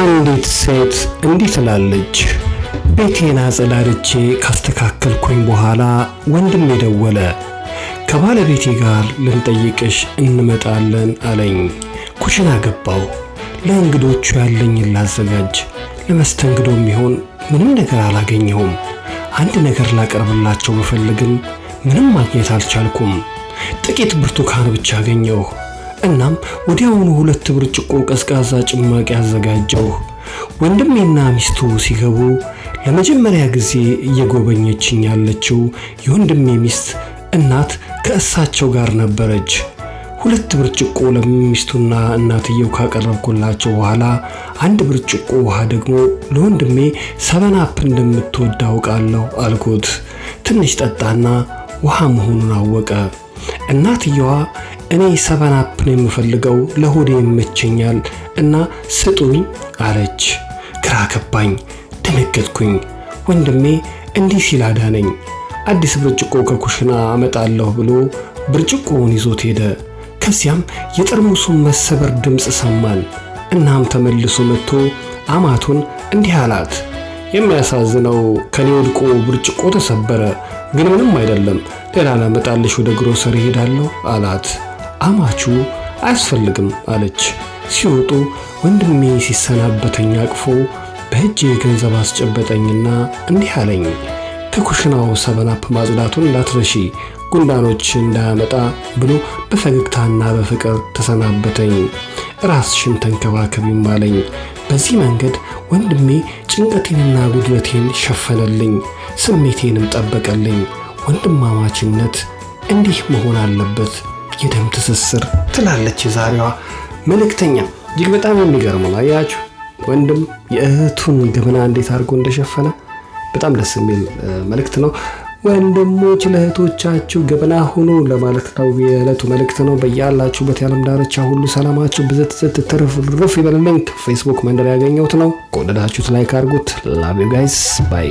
አንዲት ሴት እንዲህ ትላለች፣ ቤቴን አጸዳድቼ ካስተካከልኩኝ በኋላ ወንድም የደወለ ከባለቤቴ ጋር ልንጠይቅሽ እንመጣለን አለኝ። ኩሽና ገባው። ለእንግዶቹ ያለኝን ላዘጋጅ። ለመስተንግዶ የሚሆን ምንም ነገር አላገኘሁም። አንድ ነገር ላቀርብላቸው ብፈልግም ምንም ማግኘት አልቻልኩም። ጥቂት ብርቱካን ብቻ አገኘሁ። እናም ወዲያውኑ ሁለት ብርጭቆ ቀዝቃዛ ጭማቂ አዘጋጀሁ። ወንድሜና ሚስቱ ሲገቡ ለመጀመሪያ ጊዜ እየጎበኘችኝ ያለችው የወንድሜ ሚስት እናት ከእሳቸው ጋር ነበረች። ሁለት ብርጭቆ ለሚስቱና እናትየው ካቀረብኩላቸው በኋላ አንድ ብርጭቆ ውሃ ደግሞ ለወንድሜ ሰበን አፕ እንደምትወድ አውቃለሁ አልኩት። ትንሽ ጠጣና ውሃ መሆኑን አወቀ። እናትየዋ እኔ ሰበን ነው የምፈልገው ለሆዴ ይመቸኛል እና ስጡኝ አለች። ግራ ገባኝ፣ ደነገጥኩኝ። ወንድሜ እንዲህ ሲል አዳነኝ። አዲስ ብርጭቆ ከኩሽና አመጣለሁ ብሎ ብርጭቆውን ይዞት ሄደ። ከዚያም የጠርሙሱን መሰበር ድምፅ ሰማን። እናም ተመልሶ መጥቶ አማቱን እንዲህ አላት። የሚያሳዝነው ከኔ ወድቆ ብርጭቆ ተሰበረ፣ ግን ምንም አይደለም፣ ሌላ ላመጣልሽ ወደ ግሮሰር ይሄዳለሁ አላት። አማቹ አያስፈልግም አለች። ሲወጡ ወንድሜ ሲሰናበተኝ አቅፎ በእጄ ገንዘብ አስጨበጠኝና እንዲህ አለኝ፣ ከኩሽናው ሰበናፕ ማጽዳቱን እንዳትረሺ ጉንዳኖች እንዳያመጣ ብሎ በፈገግታና በፍቅር ተሰናበተኝ። ራስሽን ተንከባከቢም አለኝ። በዚህ መንገድ ወንድሜ ጭንቀቴንና ጉድለቴን ሸፈነልኝ፣ ስሜቴንም ጠበቀልኝ። ወንድማማችነት እንዲህ መሆን አለበት። የደም ትስስር ትላለች የዛሬዋ መልእክተኛ። እጅግ በጣም ነው። አያችሁ፣ ወንድም የእህቱን ገመና እንዴት አድርጎ እንደሸፈነ በጣም ደስ የሚል መልእክት ነው። ወንድሞች ለእህቶቻችሁ ገበና ሁኑ ለማለት ነው የዕለቱ መልእክት ነው። በያላችሁበት የዓለም ዳርቻ ሁሉ ሰላማችሁ ብዝት ዝት ይበልልኝ። ከፌስቡክ መንደር ያገኘሁት ነው። ከወደዳችሁት ላይክ አድርጉት። ላቪ ጋይስ ባይ